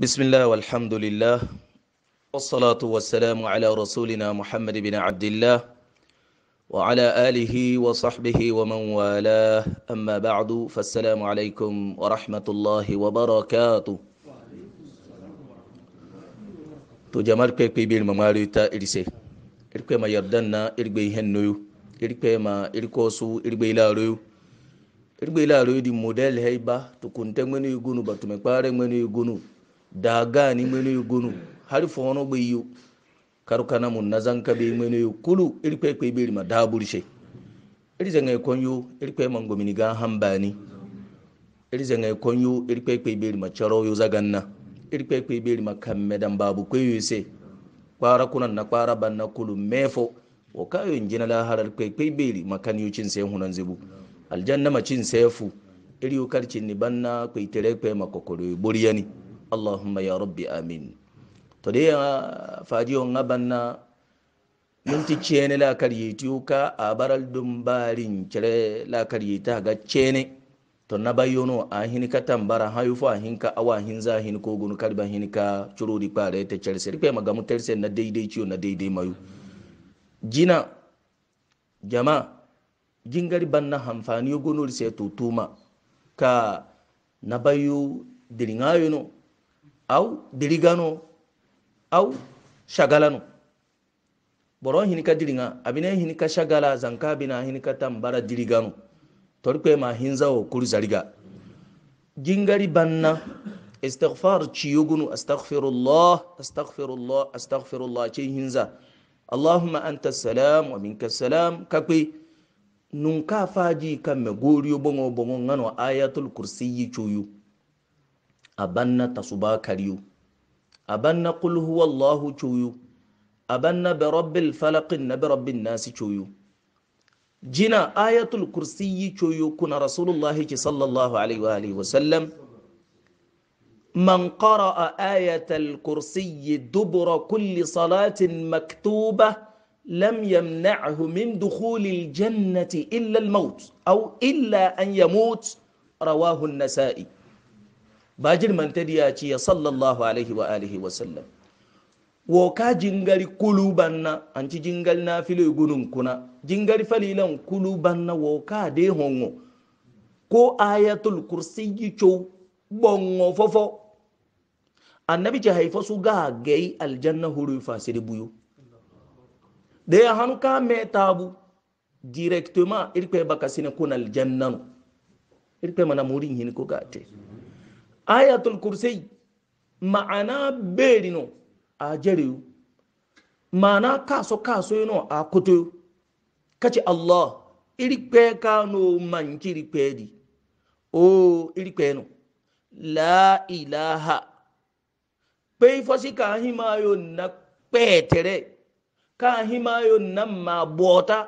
بسم الله والحمد لله والصلاة والسلام على رسولنا محمد بن عبد الله وعلى آله وصحبه ومن والاه أما بعد فالسلام عليكم ورحمة الله وبركاته تو جمال كي بي بيل ممالو تا إرسي إركو ما يردنا إركو هنو إركو ما إركو سو إركو لارو إركو لارو دي موديل هيبا تو كنتم منو يغنو باتو مكبار منو يغنو da gani mene gonu har fono bai yi karuka mun na zanka bai mene kulu irkwe kwe bai ma daburshe irze ngai konyo irkwe mangomini ga hambani irze ngai konyo irkwe kwe bai ma charo yo zaganna irkwe kwe bai ma kamme dan babu kwe yuse kwara kunan na kwara ban na kulu mefo wa kayo injina la harar kwe kwe bai ma kan cin sai hunan zibu aljanna macin fu iri karcin ni banna kwe tere kwe ma kokoro buriyani allahumma ya rabbi amin to dai ya uh, faji on abanna minti chene la karyiti a baral dumbarin kire la ta ga ne to na bayono a ka tambara fa hin ka awa hin za hin ko gunu karba ka curo di kpare ta cerse maga magamu terse na daidai ciyo na daidai mayu jina jama jingari banna hamfani gunu sai tutuma ka na bayu diringayo no au dirigano au shagalano boron hinika diriga abine hinika shagala zanka bina hinika tambara dirigano torikwe ma hinzawo kuri zariga jingari banna istighfar ciyugunu astaghfirullah astaghfirullah astaghfirullah ce hinza allahumma anta salam wa minka salam kakwe nunka faji kan me goriyo bongo bongo ngano ayatul kursiyi cuyu أبنى تصبا كريو أبنى قل هو الله چويو أبنى برب الفلق نب رب الناس چويو جنا آية الكرسي چويو كنا رسول الله صلى الله عليه وآله وسلم من قرأ آية الكرسي دبر كل صلاة مكتوبة لم يمنعه من دخول الجنة إلا الموت أو إلا أن يموت رواه النسائي bajir mantadi ya ce ya sallallahu alaihi wa alihi wa sallam wo ka jingari na an anci jingal na filo gunun kuna jingari falilan kulu na wo ka de hongo ko ayatul yi co bongo fofo annabi ce haifa su ga gai aljanna huru fasiri buyu da ya hannu ka mai tabu directement irkwe baka sine kun aljanna mana murin hin ko gate ayatul kursi ma'ana beri no a jere ma'ana kaso kaso no a kuto kace allah irikpe ka no manki irikpe di o irikpe no la ilaha pe fosi ka himayo na petere ka himayo na ma bota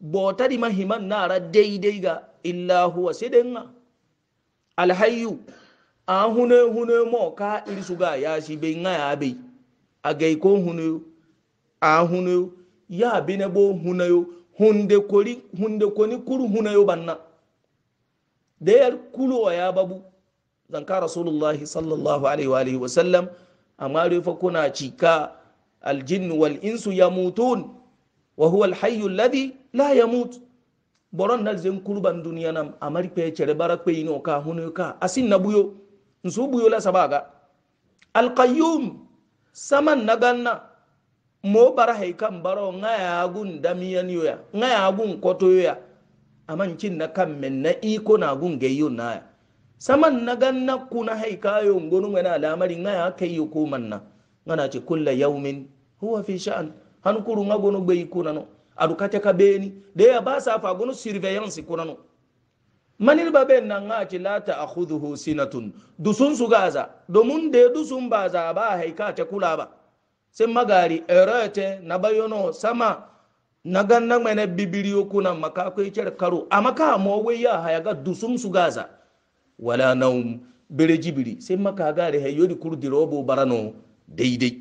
bota di mahiman nara daidai ga illa huwa sidin alhayyu ahunu hunu mo ka irisuga ya si be nga ya be a ko hune ya be ne bo hune yo hunde kori hunde koni kuru hune yo banna da yar kulu ya babu zanka rasulullahi sallallahu alaihi wa alihi wa sallam amma rufa kuna al aljin wal insu yamutun wa huwa alhayyu alladhi la yamut boron nal zen kurban duniya nam amari pe chere pe ino ka hunu ka asin nabuyo nsu b'u yola sabaga alqayyum saman naganna mo bara hay kan baro ngaya gun damiyan yoya ngaya gun koto yoya aman cin na kan men na iko na gun geyo na saman naganna kuna hay kayo ngonu ngana lamari ngaya kayyo ko manna ngana ci kulla yawmin huwa fi sha'an han kuru ngagonu bayi kuna no adukata ka beni de ya ba sa fa gonu surveillance kuna no manil bai nan a ci la ta akhudhuhu sinatun dusun su gaza domin da dusun ba za ba haika ta kula ba sai magari Erate na bayono sama na ganna mai na bibiriyo kuna maka kai kyar karo a maka mo wai ya haya ga dusun su gaza wala naum bere jibiri sai maka gare hayo di kurdi robo barano daidai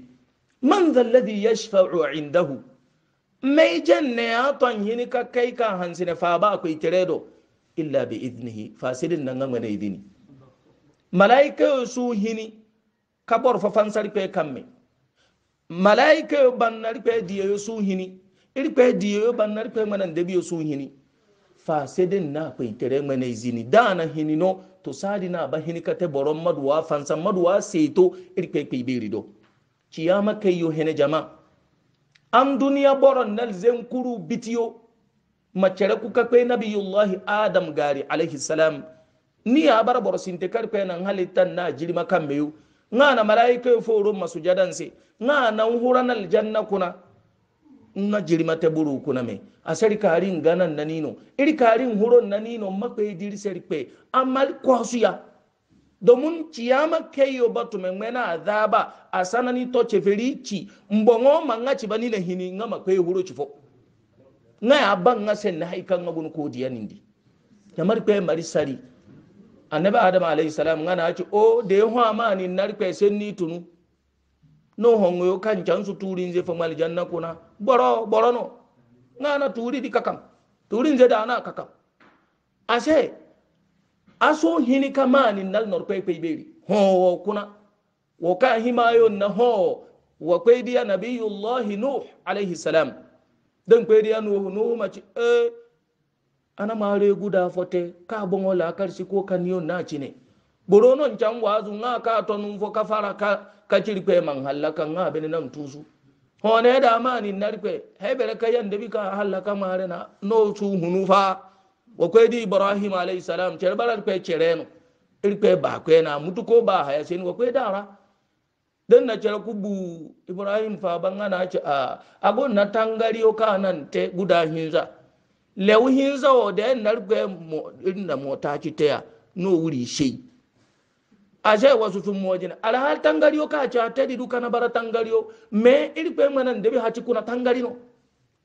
man ladhi yashfa'u indahu mai janne ya ton hini ka kai kan hansine fa ba kai itredo illa bi idnihi fasidin nan nan ne idini malaika su hini kabor fa fansar pe kamme malaika bannar pe diye su hini irpe diye bannar pe manan da biyo su hini fasidin na pe tere mane izini dana hini no to sadi na ba hini kate boron maduwa fansan maduwa seto irpe pe birido ciyama kai yo hene jama an duniya boron nal zenkuru bitiyo mace da kuka kwe nabiyullahi adam gari alaihi salam ni ya bara bar sinte kar karfe nan halittan na jirma kan meyu nga na malaika foro masu jadan se nga na huran aljanna kuna na jirma ta buru kuna me asari karin ganan na nino iri karin huron na nino makwe diri sari amal kwasu ya domin ciyama keyo batu mai azaba a sanani to ceferici mbongo manga cibani na hini nga makwe huro cifo ngaye a banga senne hay kanga gon kodiyanindi yamari kwe mari sari annabi adam alayhi salam ngana aci o de ho amani nari kwe senni tunu no hongo yo kan chansu turi nze fo mali janna kuna boro boro no ngana turi di kakam turi nze da na kakam ase aso hini kamani nal nor kwe kwe beri ho wo kuna wo ka himayo na ho wo kwe biya nabiyullahi nuh alayhi salam dan kweri ya nuhu nuhu mace eh ana mare guda fote ka bon wala karsi ko kaniyon na ci ne boro non can wazu nga ka to nun ka fara ka ka cirpe man halaka nga be nan tusu hone da mani narpe hebere ka yande bi ka halaka mare na no su hunufa wa kwedi ibrahim alayhi salam cerbara pe cereno irpe ba kwena mutuko ba haya sen wa kwedara den na cala kubu bu ibrahim faban ana ah, ci a ago na tangariyo ka nan te guda hinza lewu hinza o da yan nargwe inda mota ci taya no wuri shi a sai wasu sun mojina alhal tangariyo ka ci ta duka na bara tangariyo me irpe manan da bi haci kuna tangarino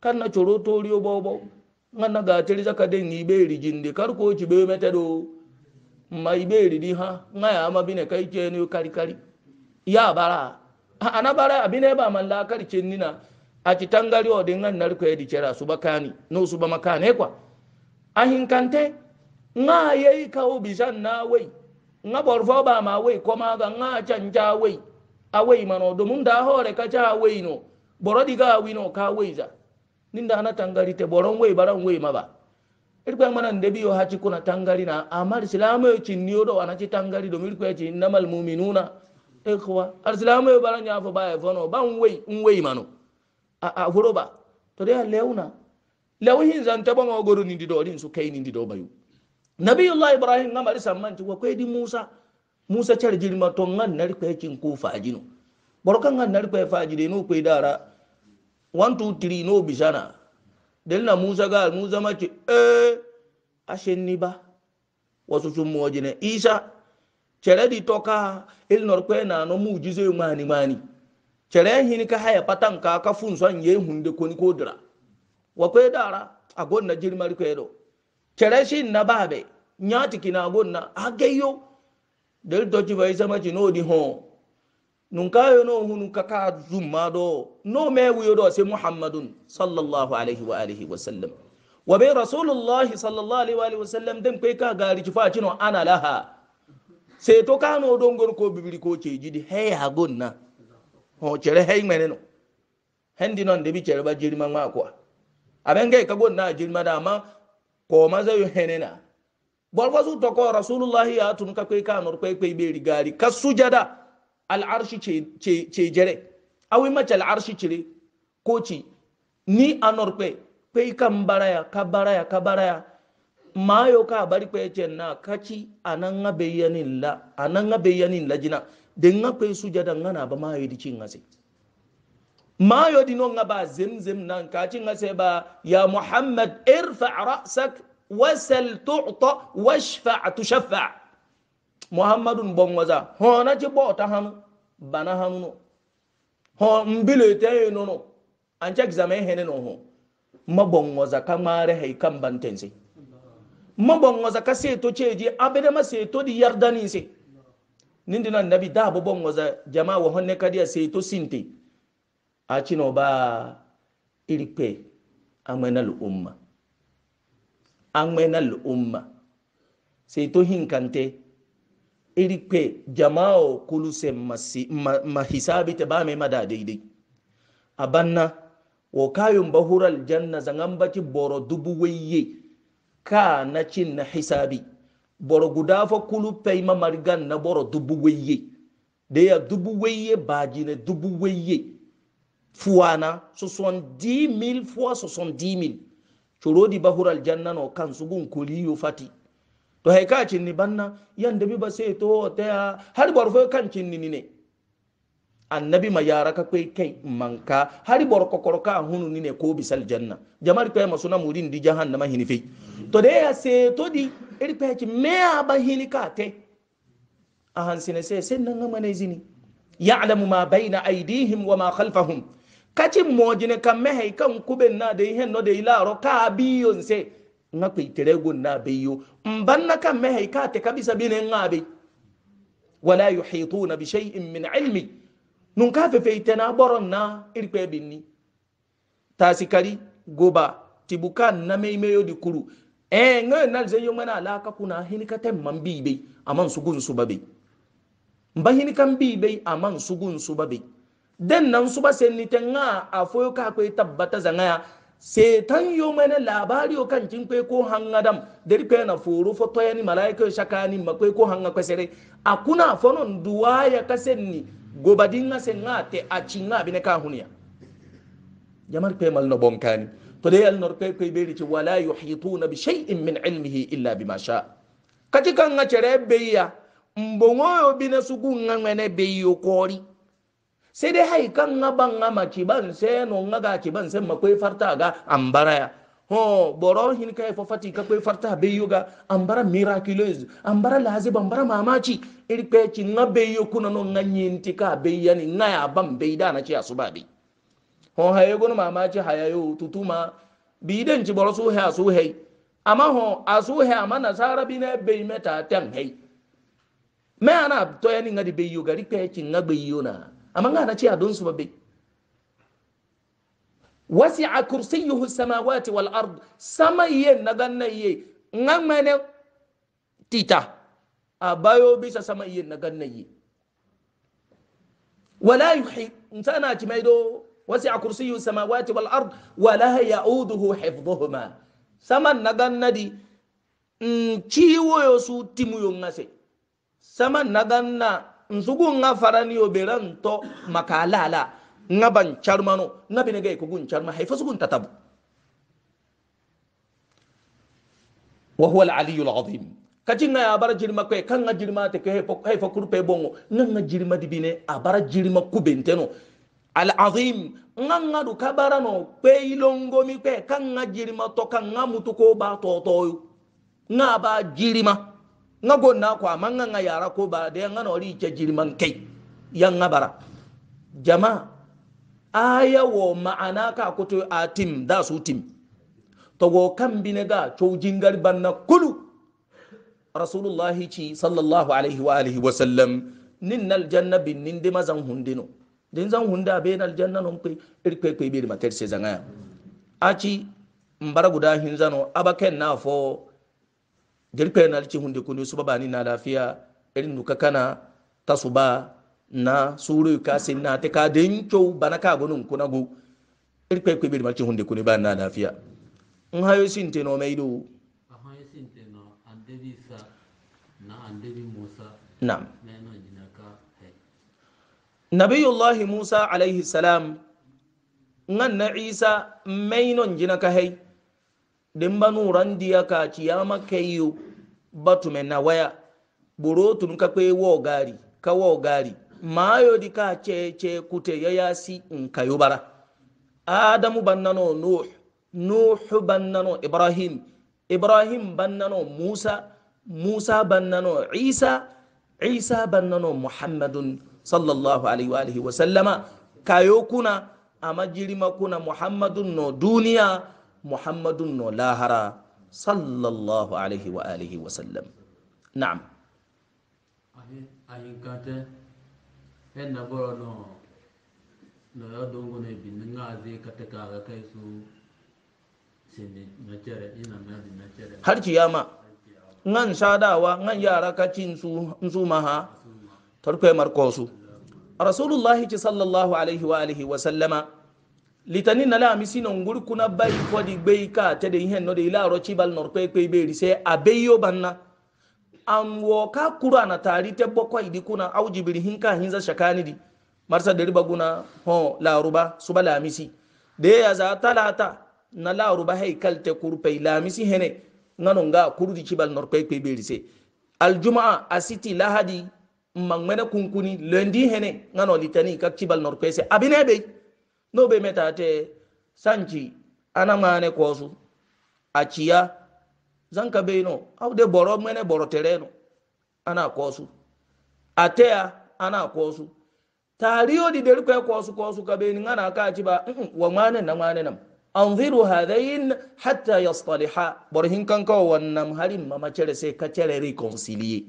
kan na coro toriyo bobo ngana ga tiri zaka den ni be rijinde kar ko ci be do mai be ridi ha ngaya ma bine kai ke ne kari kari ya bara ana bara abine ba man lakar nina a ci tangari o de ngan nar ko edi cera suba kani no suba makane kwa ahin kante nga yei ka obi na wei nga borfo ba ma wei ko ma ga nga canja wei a wei mano domin da hore ka ca wei no boro diga wi no ka wei za ninda ana tangari te boron wei baran wei ma ba irgba mana ndebi yo haci kuna tangari na amar islamu yo cinni yo do ana ci tangari domin ko ya innamal mu'minuna ekwa eh, arsilamu baran ya fa ba e fono ba nwei nwei mano a a ba to de leuna lawhin zan taba ma goro ni dido rin su kai ni dido bayu nabiyullah ibrahim na mari samman ti ko di musa musa char jirma to ngan nari ko yakin ko fajino borkan ngan kai fa fajide no kai dara 1 2 3 no bisana na musa ga musa ma ci eh ashen ni ba wasu sun mu isa chere di toka il norkwe na no mujize mani mani chere hini ka haya patan ka ka funson ye hunde koni kodira wa kwe dara agon na jirmar kwedo chere shi na babe nyati kina agon na ageyo del doji bai zama ji no di ho nun ka yo no hunun ka ka zumma do no me wiyo do se muhammadun sallallahu alaihi wa alihi wa sallam wa rasulullahi sallallahu alaihi wa sallam dem kai ka gari ci fa no ana laha sai to kano don gon ko bibiri ko ce jidi hey ha na ho chere hey mene no hendi non de bi chere ba jirma ma ko aben ga ka na jirma da ma ko ma za yo henena bol ba su to ko rasulullah ya tun ka kai kano ko kai be gari ka sujada al arshi ce ce ce jere awi ma al arshi cire ko ci ni anor pe kai kan baraya ka baraya ka baraya Ma yo ka bari kwe ce na kachi ananga beyanin la ananga beyanin la jina denga kwe jada ngana ba ma mayo di ma yo di no nga ba zemzem nan kachi ngase ba ya muhammad irfa ra'sak wasal tu'ta washfa tushaffa muhammadun bonwaza na ci bota hanu bana hanu no ho mbile te no no an check examen hene no ho mabonwaza kamare hay kambantensi mabongo za ka seto je abede ma seto di yardani se nindi na nabi da bo bongo za jama wa honne kadiya seto sinte a cino ba irpe amwenal umma amwenal umma seto hinkante irpe jama'o kuluse masi ma, hisabi ta ba mai mada daidai abanna wa kayun bahural janna zangan baki boro dubu wayye ka na cin na hisabi boro guda fa kulu pay ma margan na boro dubu weye de ya dubu weye baji ne dubu weye fuwana 70000 fois 70000 corodi bahural janna no kan sugun kuliyo fati to hay ka cinni banna yanda bi ba sai to ta har boro fa kan cinni ne annabi ma yara ka kai kai manka har boro kokoro ka hunu ne ko bisal janna jamar kai masuna murin di jahannama hinifi to da ya se to di irpe ki me aba hinika te a hansine se sen nan ngama ne zini ya'lamu ma baina aydihim wa ma khalfahum kacin mojine kan mehai kan kuben na da ihe no da ilaro ka biyon se nga kwe tere gun na biyo mban na kan mehai ka te kabisa bine nga bi wala yuhituna bi shay'in min ilmi nun ka fe fe tana boron na irpe binni tasikari goba tibuka na mai mai di kuru eh ngai nal zai yong mana alaka kuna hini ka tem man bi be aman su gun su babe mba hini kan bi be aman su gun den nan su ba sen ni afoyo ka ko tabbata zanga setan yo mana labari o kan kin ko hangadam dari pe na furu fo toyani malaika shakani makwe ko hanga kwesere akuna fonon duwaya kasenni gobadinga senga te achinga bine ka hunia jamar pe mal no bonkani to de yal nor koy beri ci wala yuhituna bi shay'in min ilmihi illa bima sha katika nga chere beya mbongoyo bina sugu nga ngene beyo kori Sede hai kanga banga machiban seno nga ga chiban ban makwe farta ga ambara ya ho boro hin kai fa fati ka kwai farta beyo ga ambara miraculous ambara lazib ambara mamaci irpe ki nga beyo kuna no nga nyintika beyani nga ya ban beida na ci asuba ho haye gonu mamaci hayayo tutuma den ci boro su ha su hei amma ho a su he na nasara bi ne be meta tan hei me ana to ni ngadi be yu gari pe kin ngabe yu na amma na ci adon su babbe wasi'a kursiyyuhu samawati wal ard sama ye naganna ye ne tita a bayo bisa sama iya na gannayi wala yuhi ntana ci maido وسع كرسي السماوات والأرض ولا يؤوده حفظهما سما نغان ندي تشيو يسو تيمو يونغاسي سما نغان نا نسوغو نغا وبران تو مكالالا نغا بان چارمانو نغا بنغي كوغون چارما حيفسوغون تتابو وهو العلي العظيم كاتينا يا بارا جيرما كوي كان جيرما تكه هيفو كوربي بونغو نغا جيرما دي بيني ابارا جيرما كوبينتينو al'azim ngan ngadu kabara no pe ilongo mi kpe kan nga jirima to kan nga mutu ko ba to to nga ba jirima nga gonna ko amanga nga yaara ko ba de nga no ri ke jiriman kai yan nga bara jama aya wo ma'ana ka kutu atim da su tim to go kan bine ga chojin garban banna kulu rasulullahi ci sallallahu alaihi wa alihi wa sallam ninnal janna bin nin de mazan hundino din zan hunda be na aljanna non pe irpe pe be ma terse zanga aci mbara guda hin zano abaken na fo girpe na alci hunde kunu su babani na lafiya irin nuka kana tasuba na suru ka sin na te ka din cho bana ka gunun kuna gu irpe pe be ma ci hunde kunu ba na lafiya in hayo sin te no ha amma sin te no andebi sa na andebi musa na'am nabiyullahi musa alaihi salam ngan na isa mainon jina ka hai din ba nuran diya ka ciyama ba batume na waya burotun ka kwe wo gari ka wo gari mayo di ka cece kute ya si in bara adamu bannano nuh nuhu bannano ibrahim ibrahim bannano musa musa bannano isa isa bannano muhammadun صلى الله عليه وآله وسلم كايوكونا أما جرمكونا محمد نو دونيا محمد نو لاهرا صلى الله عليه وآله وسلم نعم أي كاتا أنا بورو نو نو دونغو نو بنغا زي كاتا كاغا كايسو har ciyama nan sadawa nan yara kacin su su maha torkoye mar koosu rasulullahi ci sallllahu alayhi wa alihi wa sallama litani nala amisino ngur kuna bayi fodi gbei ka tede ihen no de ila ilaro bal nor pe be ri se abeyo banna an wo ka qur'ana tari te boko idi kuna au jibiri hinka hinza shakani di marsa de baguna ho la ruba suba lamisi de ya za talata na ruba hay kalte kurpe lamisi hene nanonga nga kurdi cibal nor kwe kwe beri se aljumaa asiti lahadi mangmene kunkuni lundi hene ngano litani kak cibal norpese abine be no be meta te sanji ana mane kosu achia zanka be no aw de boro mene boro tereno ana kosu atea ana kosu tariyo di deri kwe kosu kosu kabe ni ngana ka ciba wa mane na mane nam anziru hadain hatta yastaliha borhin hinkan ko wannam harim mama chere se ka chere reconcilier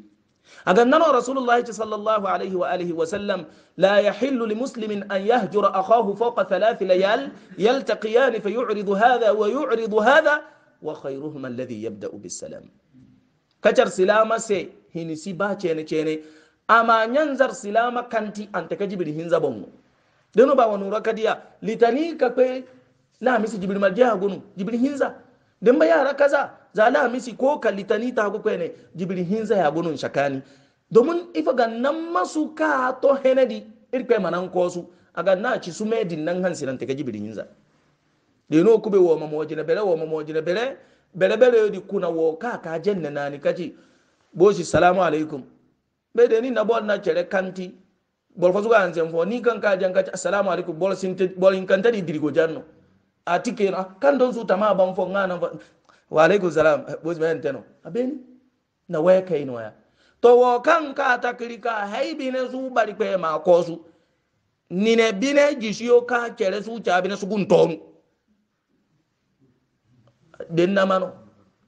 أجننا رسول الله صلى الله عليه وآله وسلم لا يحل لمسلم أن يهجر أخاه فوق ثلاث ليال يلتقيان فيعرض هذا ويعرض هذا وخيرهما الذي يبدأ بالسلام كتر سلامة سي هنسي با چيني چيني أما ينزر سلامة كنتي أنت كجبري هنزا بونو دنو با نورا كديا لتاني كبه لا ميسي جبري مالجيها قنو جبري هنزا دنبا يارا ركزا za la misi ko kalitani ta ko kwene jibiri hinza ya gunun shakani domin ifa ga nan masu ka to henedi irkwe manan ko su ga na ci su medin nan hansi nan take jibiri hinza de no kube wo mamo na bere wo mamo na bere bere bere di kuna wo ka ka na nani kaji boshi salamu alaikum be de ni na bon na chere kanti bol fa ga hansen fo ni kan ka jan ka assalamu alaikum bol sin bol in kan di dirigo janno a tike na kan don su tama ban fo ngana wa alaikum salam bozi men teno abeni na weka ino ya to wo kan ka takrika haibi ne su bari pe ma ko su nine bine ka keresu su cha bine su gun tonu den na mano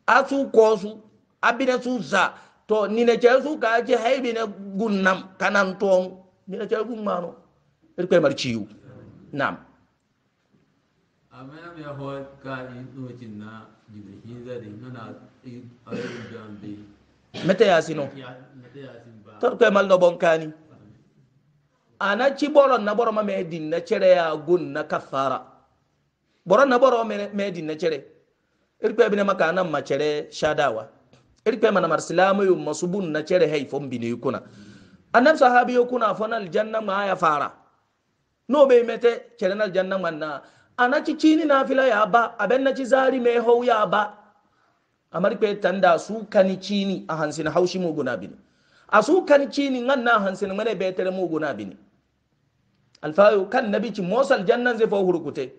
asu ko su abine su za to nine keresu su ka je haibi ne gun nam kanan tonu nine kere gun mano ir pe nam ya ka mete yasino torkoye mal no bonkani ana ci boron na boroma me dinna cere ya gun na kafara boron na boroma me dinna cere irkwe bine maka nan ma cere shadawa irkwe mana marsilamu yu masubun na cere haifon bine kuna annab sahabi yo kuna fon aljanna ma ya fara no be mete cere na aljanna man a naci cini nafila ya ba abin naci zari mai hau ya ba a marfe tanda su kani cini a hansin haushi mu guna bini a su kani cini nan na hansin mana betere mu guna bini alfayo kan nabi ci mosal jannan zai fahuru kute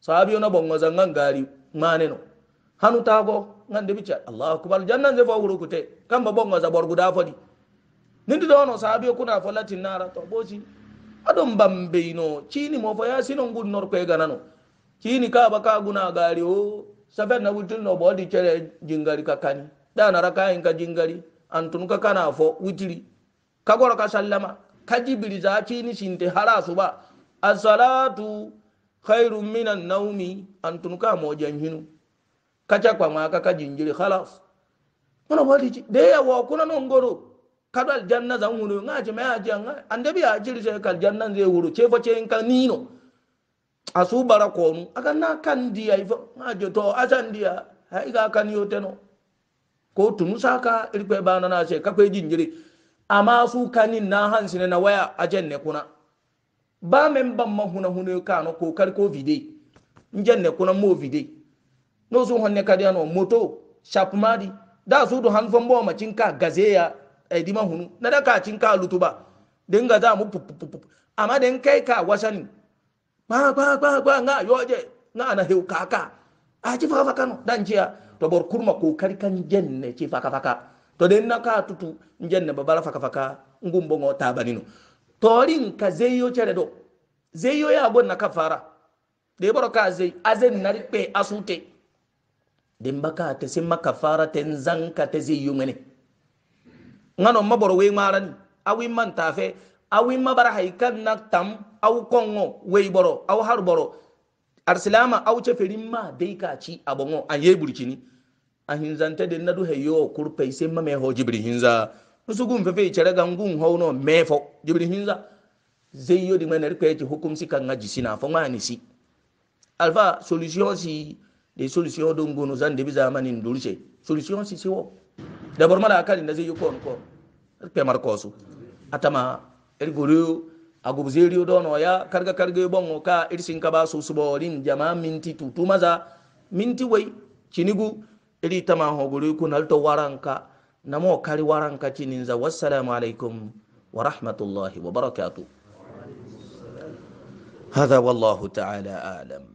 sahabi yana bongo zangan gari mani no hannu ta go nan da bici allahu akubar jannan zai fahuru kute kan ba bongo zabar guda fadi nin da wani sahabi kuna falatin nara to boci adon bambe no cini mo fa ya sinon gun nor kwe gana no kini ka baka guna gari o safe na wutul no bodi chere jingari kani da na raka in ka jingari antun ka kana fo wutiri ka goro ka sallama ka jibiri za kini sinte harasu ba as-salatu khairun minan naumi antun ka mo janhinu ka cha kwa maka ka jingiri khalas mana bodi de ya wo kuna no ngoro kadal janna zan hunu ngaje mai ajiyan ande bi ajiri sai kal janna zai wuro ce fa ce in ka nino asu bara konu aga na kan diya ifo ma joto asan diya ai aka n'i yote no ko tunu saka irpe bana na she eji jinjiri amma su kanin na hansine na waya ajen ne kuna ba men ban mahuna hune kano ko kar ko vide njen ne kuna mo vide no su honne kadi ano moto shapmadi da su do hanfon bo macinka gazeya e eh, dima hunu na da ka cinka lutuba dinga za mu ama den kai ka wasani ba nga yoje nga na hew kaka a ci faka faka no dan jiya to bor kurma ko kari kan jenne ci faka faka to den na ka tutu jenne babala faka faka ngumbo ngo to torin ka zeyo chere do zeyo ya bon na kafara de bor ka zey azen na ripe asute den baka te simma kafara ten zanka te zeyo mene ngano maboro we ngaran awi man tafe awi mabara haikan na tam au kongo wei boro au har boro arsilama au ceferin ma dai ka ci abongo an yi burkini a hinzanta da nadu heyo kurfai sai ma mai ho jibri hinza nusu gun fefe cere gangun ho no mefo jibri hinza zai yo di manar kai ci hukum si kan ngaji sina fa ngani si alfa solution si de solution don gono zan de bi zamanin dulce solution si si wo da bar mala akali na zai yi ko ko kai mar atama ergoro agubzeri udono ya karga karga bongo ka irsin ka basu suborin jama minti tutu maza minti wai kinigu iri tama hoguru ku nalto waranka namo kari waranka kininza wassalamu alaikum wa rahmatullahi wa barakatuh هذا والله